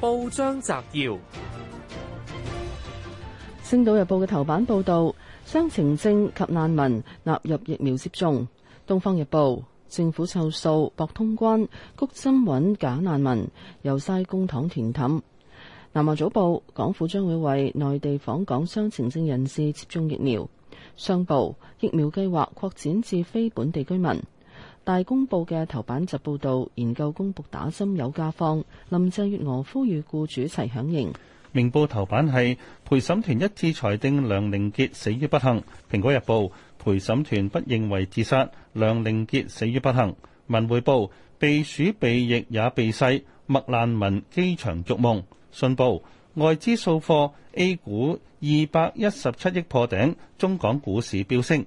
報章摘要：《星島日報》嘅頭版報道，雙程證及難民納入疫苗接種；《東方日報》政府湊數博通關，谷針搵假難民，由曬公帑填凼。《南華早報》港府將會為內地訪港雙程證人士接種疫苗。商報疫苗計劃擴展至非本地居民。大公報嘅頭版則報道，研究公佈打針有假放。林鄭月娥呼籲雇主齊響應。明報頭版係陪審團一致裁定梁凌杰死於不幸。蘋果日報，陪審團不認為自殺，梁凌杰死於不幸。文匯報，避暑避疫也避世，麥難民機場續夢。信報，外資掃貨，A 股二百一十七億破頂，中港股市飆升。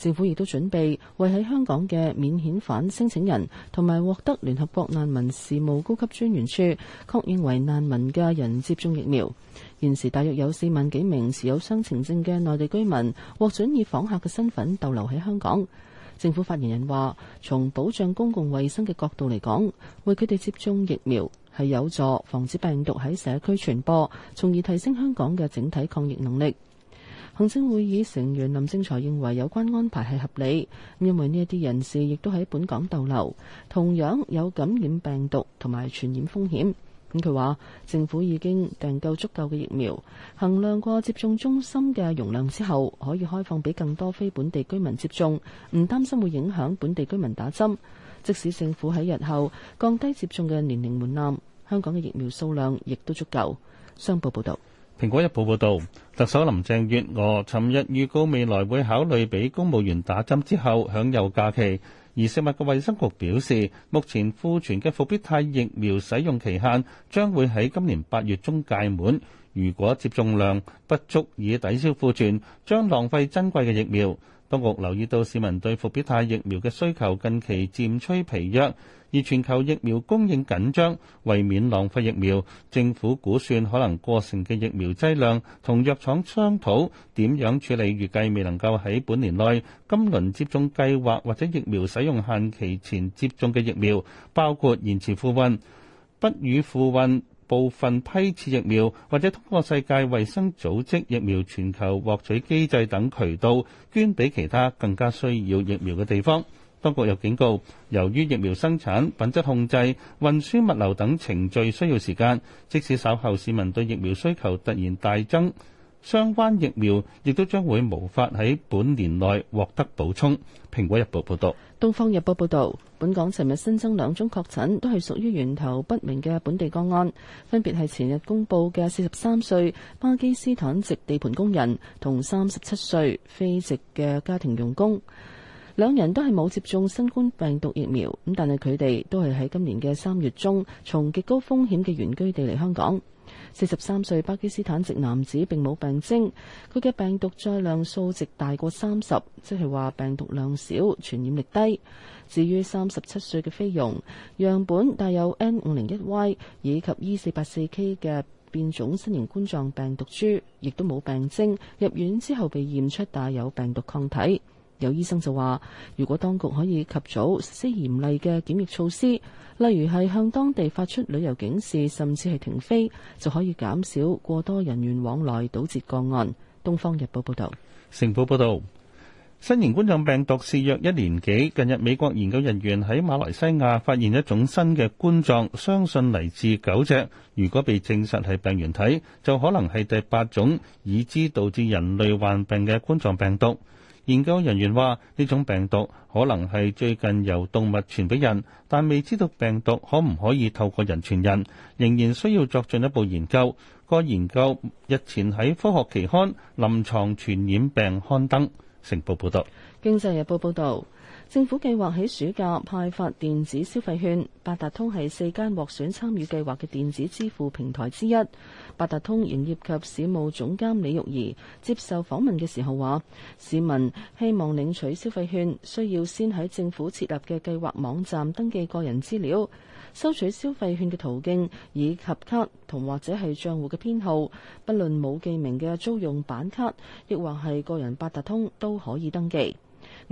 政府亦都準備為喺香港嘅免遣返申請人同埋獲得聯合國難民事務高級專員處確認為難民嘅人接種疫苗。現時大約有四萬幾名持有雙程證嘅內地居民獲准以訪客嘅身份逗留喺香港。政府發言人話，從保障公共衛生嘅角度嚟講，為佢哋接種疫苗係有助防止病毒喺社區傳播，從而提升香港嘅整體抗疫能力。行政會議成員林正財認為有關安排係合理，因為呢一啲人士亦都喺本港逗留，同樣有感染病毒同埋傳染風險。咁佢話，政府已經訂購足夠嘅疫苗，衡量過接種中心嘅容量之後，可以開放俾更多非本地居民接種，唔擔心會影響本地居民打針。即使政府喺日後降低接種嘅年齡門檻，香港嘅疫苗數量亦都足夠。商報報道。《蘋果日報》報導，特首林鄭月娥尋日預告未來會考慮俾公務員打針之後享有假期，而食物嘅衞生局表示，目前庫存嘅復必泰疫苗使用期限將會喺今年八月中屆滿。如果接種量不足以抵消庫存，將浪費珍貴嘅疫苗。當局留意到市民對復必泰疫苗嘅需求近期漸趨疲弱，而全球疫苗供應緊張，為免浪費疫苗，政府估算可能過剩嘅疫苗劑量，同藥廠商討點樣處理。預計未能夠喺本年內、今輪接種計劃或者疫苗使用限期前接種嘅疫苗，包括延遲復運、不予復運。部分批次疫苗，或者通過世界衛生組織疫苗全球獲取機制等渠道捐俾其他更加需要疫苗嘅地方。當局又警告，由於疫苗生產品質控制、運輸物流等程序需要時間，即使稍後市民對疫苗需求突然大增。相關疫苗亦都將會無法喺本年內獲得補充。蘋果日報報道，東方日報報道，本港尋日新增兩宗確診，都係屬於源頭不明嘅本地個案，分別係前日公布嘅四十三歲巴基斯坦籍地盤工人同三十七歲非籍嘅家庭傭工，兩人都係冇接種新冠病毒疫苗，咁但係佢哋都係喺今年嘅三月中從極高風險嘅原居地嚟香港。四十三歲巴基斯坦籍男子並冇病徵，佢嘅病毒載量數值大過三十，即係話病毒量少，傳染力低。至於三十七歲嘅菲傭，樣本帶有 N 五零一 Y 以及 E 四八四 K 嘅變種新型冠狀病毒株，亦都冇病徵，入院之後被驗出帶有病毒抗體。有醫生就話，如果當局可以及早實施嚴厲嘅檢疫措施，例如係向當地發出旅遊警示，甚至係停飛，就可以減少過多人員往來，堵截個案。《東方日報》報道，《成報》報道，新型冠狀病毒肆虐一年幾，近日美國研究人員喺馬來西亞發現一種新嘅冠狀，相信嚟自狗隻。如果被證實係病原體，就可能係第八種已知導致人類患病嘅冠狀病毒。研究人員話：呢種病毒可能係最近由動物傳俾人，但未知道病毒可唔可以透過人傳人，仍然需要作進一步研究。個研究日前喺科學期刊《臨床傳染病》刊登。成報報導，《經濟日報》報導。政府計劃喺暑假派發電子消費券，八達通係四間獲選參與計劃嘅電子支付平台之一。八達通營業及市務總監李玉兒接受訪問嘅時候話：市民希望領取消費券，需要先喺政府設立嘅計劃網站登記個人資料、收取消費券嘅途徑以及卡同或者係帳戶嘅編號。不論冇記名嘅租用版卡，亦或係個人八達通，都可以登記。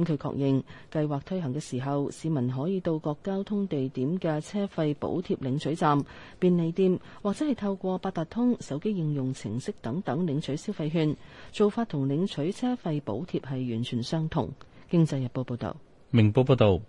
佢確認計劃推行嘅時候，市民可以到各交通地點嘅車費補貼領取站、便利店或者係透過八達通手機應用程式等等領取消費券，做法同領取車費補貼係完全相同。經濟日報報道。明報報道。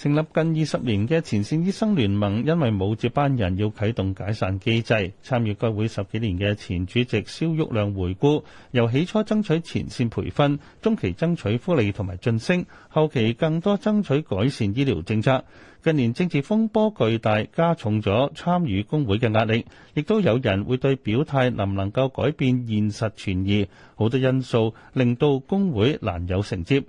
成立近二十年嘅前線醫生聯盟，因為冇接班人，要啟動解散機制。參與該會十幾年嘅前主席蕭玉亮回顧，由起初爭取前線培訓，中期爭取福利同埋晉升，後期更多爭取改善醫療政策。近年政治風波巨大，加重咗參與工會嘅壓力，亦都有人會對表態能唔能夠改變現實存疑。好多因素令到工會難有承接。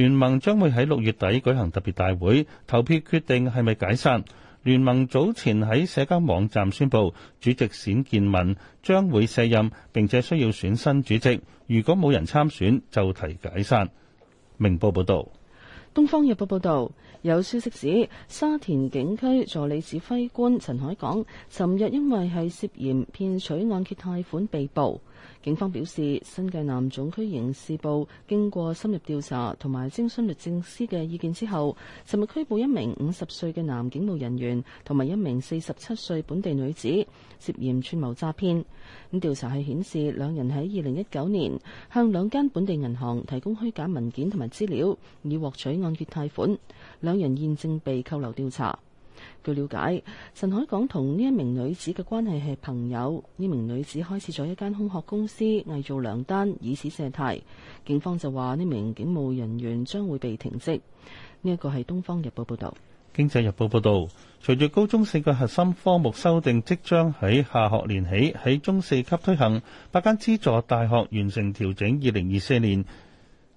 聯盟將會喺六月底舉行特別大會，投票決定係咪解散。聯盟早前喺社交網站宣布，主席冼建文將會卸任，並且需要選新主席。如果冇人參選，就提解散。明報報道：《東方日報》報道，有消息指，沙田警區助理指揮官陳海港尋日因為係涉嫌騙取按揭貸款被捕。警方表示，新界南總區刑事部經過深入調查同埋徵詢律政司嘅意見之後，尋日拘捕一名五十歲嘅男警務人員同埋一名四十七歲本地女子，涉嫌串謀詐騙。咁調查係顯示，兩人喺二零一九年向兩間本地銀行提供虛假文件同埋資料，以獲取按揭貸款。兩人現正被扣留調查。據了解，陳海港同呢一名女子嘅關係係朋友。呢名女子開設咗一間空殼公司，偽造糧單以此涉貸。警方就話呢名警務人員將會被停職。呢一個係《東方日報》報道。《經濟日報》報道，隨住高中四個核心科目修訂，即將喺下學年起喺中四級推行。八間資助大學完成調整，二零二四年，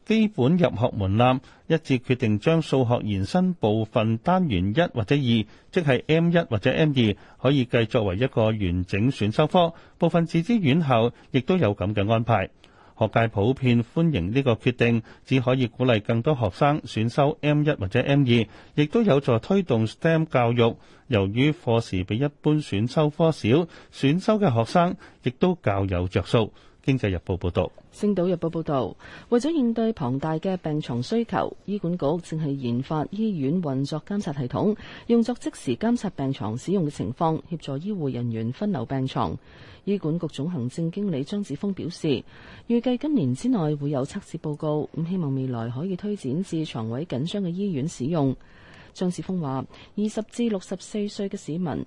基本入學門檻，一致決定將數學延伸部分單元一或者二，即係 M 一或者 M 二，可以繼續作為一個完整選修科。部分自資院校亦都有咁嘅安排。學界普遍歡迎呢個決定，只可以鼓勵更多學生選修 M 一或者 M 二，亦都有助推動 STEM 教育。由於課時比一般選修科少，選修嘅學生亦都較有著數。經濟日報報道，星島日報報道，為咗應對龐大嘅病床需求，醫管局正係研發醫院運作監察系統，用作即時監察病床使用嘅情況，協助醫護人員分流病床。醫管局總行政經理張智峰表示，預計今年之內會有測試報告，咁希望未來可以推展至床位緊張嘅醫院使用。張智峰話，二十至六十四歲嘅市民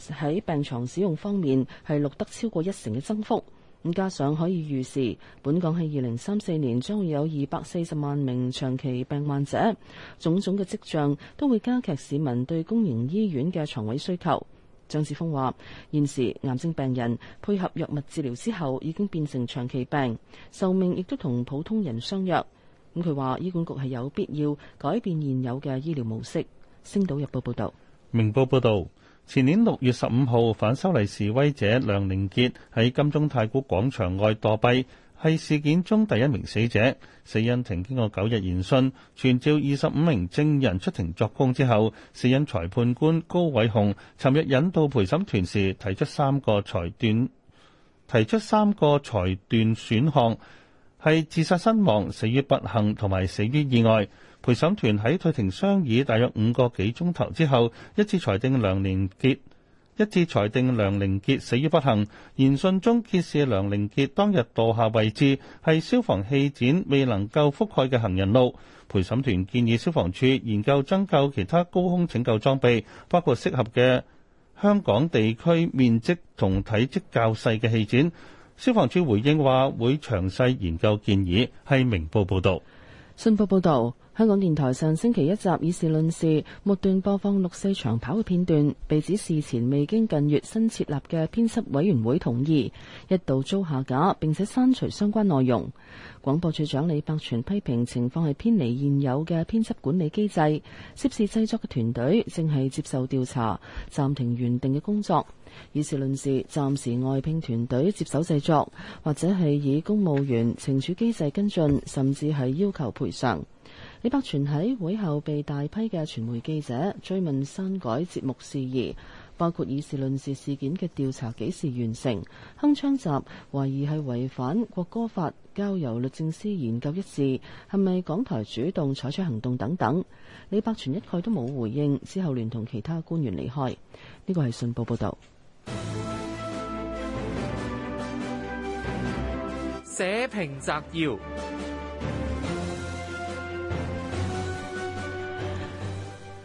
喺病床使用方面係錄得超過一成嘅增幅。咁加上可以預示，本港喺二零三四年將會有二百四十萬名長期病患者，種種嘅跡象都會加劇市民對公營醫院嘅床位需求。張志峰話：現時癌症病人配合藥物治療之後，已經變成長期病，壽命亦都同普通人相若。咁佢話，醫管局係有必要改變現有嘅醫療模式。星島日報報道。明報報道。前年六月十五號反修例示威者梁凌杰喺金鐘太古廣場外墮斃，係事件中第一名死者。死因庭經過九日研訊，傳召二十五名證人出庭作供之後，死因裁判官高偉雄尋日引導陪審團時，提出三個裁斷，提出三個裁斷選項，係自殺身亡、死於不幸同埋死於意外。陪審團喺退庭商議大約五個幾鐘頭之後，一致裁定梁寧傑，一致裁定梁寧傑死於不幸。研訊中揭示，梁寧傑當日墮下位置係消防氣墊未能夠覆蓋嘅行人路。陪審團建議消防處研究增購其他高空拯救裝備，包括適合嘅香港地區面積同體積較細嘅氣墊。消防處回應話會詳細研究建議。係明報報導，信報報導。香港電台上星期一集《以事論事》末段播放六四長跑嘅片段，被指事前未經近月新設立嘅編輯委員會同意，一度遭下架，並且刪除相關內容。廣播處長李百全批評情況係偏離現有嘅編輯管理機制，涉事製作嘅團隊正係接受調查，暫停原定嘅工作。《以事論事》暫時外聘團隊接手製作，或者係以公務員懲處機制跟進，甚至係要求賠償。李伯全喺會後被大批嘅傳媒記者追問刪改節目事宜，包括議事論事事件嘅調查幾時完成、鏗鏘集懷疑係違反國歌法、交由律政司研究一事，係咪港台主動採取行動等等。李伯全一概都冇回應，之後聯同其他官員離開。呢個係信報報道。寫評摘要。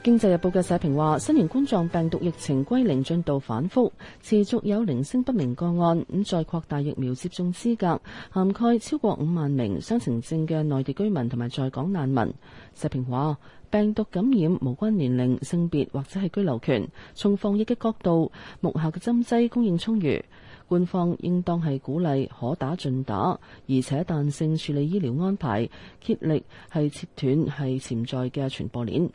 經濟日報嘅社評話：新型冠狀病毒疫情歸零進度反覆，持續有零星不明個案。咁再擴大疫苗接種資格，涵蓋超過五萬名雙程證嘅內地居民同埋在港難民。社評話：病毒感染無關年齡、性別或者係居留權。從防疫嘅角度，目下嘅針劑供應充裕，官方應當係鼓勵可打盡打，而且彈性處理醫療安排，竭力係切斷係潛在嘅傳播鏈。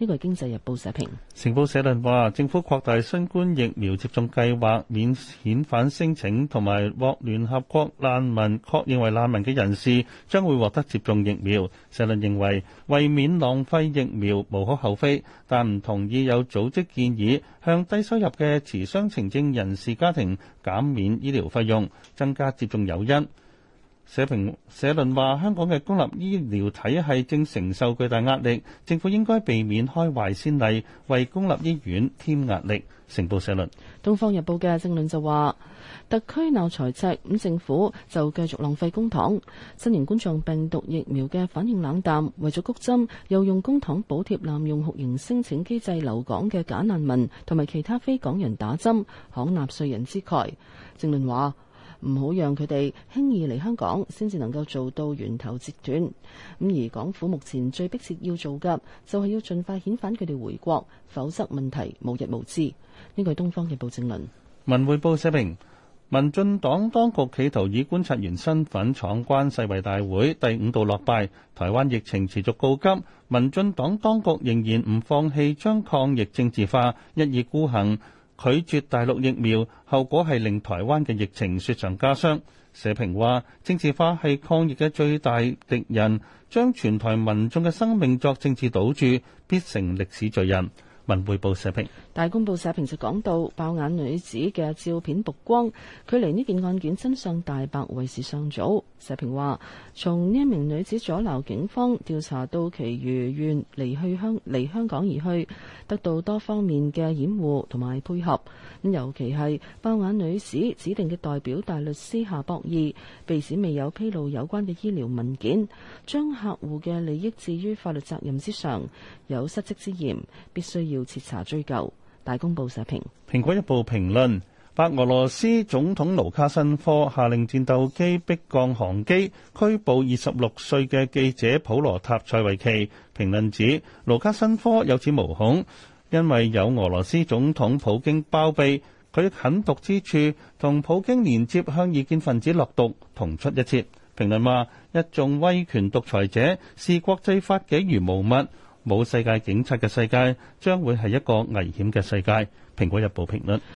呢個係《經濟日報》社評，《成報》社論話，政府擴大新冠疫苗接種計劃，免遣返，返申請同埋獲聯合國難民確認為難民嘅人士將會獲得接種疫苗。社論認為，為免浪費疫苗無可厚非，但唔同意有組織建議向低收入嘅持雙程證人士家庭減免醫療費用，增加接種誘因。社評社論話：香港嘅公立醫療體系正承受巨大壓力，政府應該避免開壞先例，為公立醫院添壓力。成報社論，《東方日報》嘅政論就話：特區鬧財赤，咁政府就繼續浪費公帑。新型冠狀病毒疫苗嘅反應冷淡，為咗谷針，又用公帑補貼濫用酷刑申請機制留港嘅假難民同埋其他非港人打針，慷納稅人之慨。政論話。唔好讓佢哋輕易嚟香港，先至能夠做到源頭截斷。咁而港府目前最迫切要做嘅，就係要盡快遣返佢哋回國，否則問題無日無之。呢個係《東方日報》政論。《文匯報》寫明，民進黨當局企圖以觀察員身份闖關世衛大會第五度落敗。台灣疫情持續告急，民進黨當局仍然唔放棄將抗疫政治化，一意孤行。拒絕大陸疫苗，後果係令台灣嘅疫情雪上加霜。社評話，政治化係抗疫嘅最大敵人，將全台民眾嘅生命作政治賭注，必成歷史罪人。文匯報社評，大公報社評就講到爆眼女子嘅照片曝光，距離呢件案件真相大白為時尚早。社評話，從呢一名女子阻撓警方調查到其如願離去香離香港而去，得到多方面嘅掩護同埋配合。咁尤其係爆眼女子指定嘅代表大律師夏博義，被指未有披露有關嘅醫療文件，將客戶嘅利益置於法律責任之上，有失職之嫌，必須要。要徹查追究。大公報社評，蘋果日報評論，白俄羅斯總統盧卡申科下令戰鬥機迫降航機，拘捕二十六歲嘅記者普羅塔塞維奇。評論指，盧卡申科有恃無恐，因為有俄羅斯總統普京包庇。佢狠毒之處，同普京連接向異見分子落毒，同出一轍。評論話，一眾威權獨裁者視國際法紀如無物。冇世界警察嘅世界，將會係一個危險嘅世界。《蘋果日報》評論。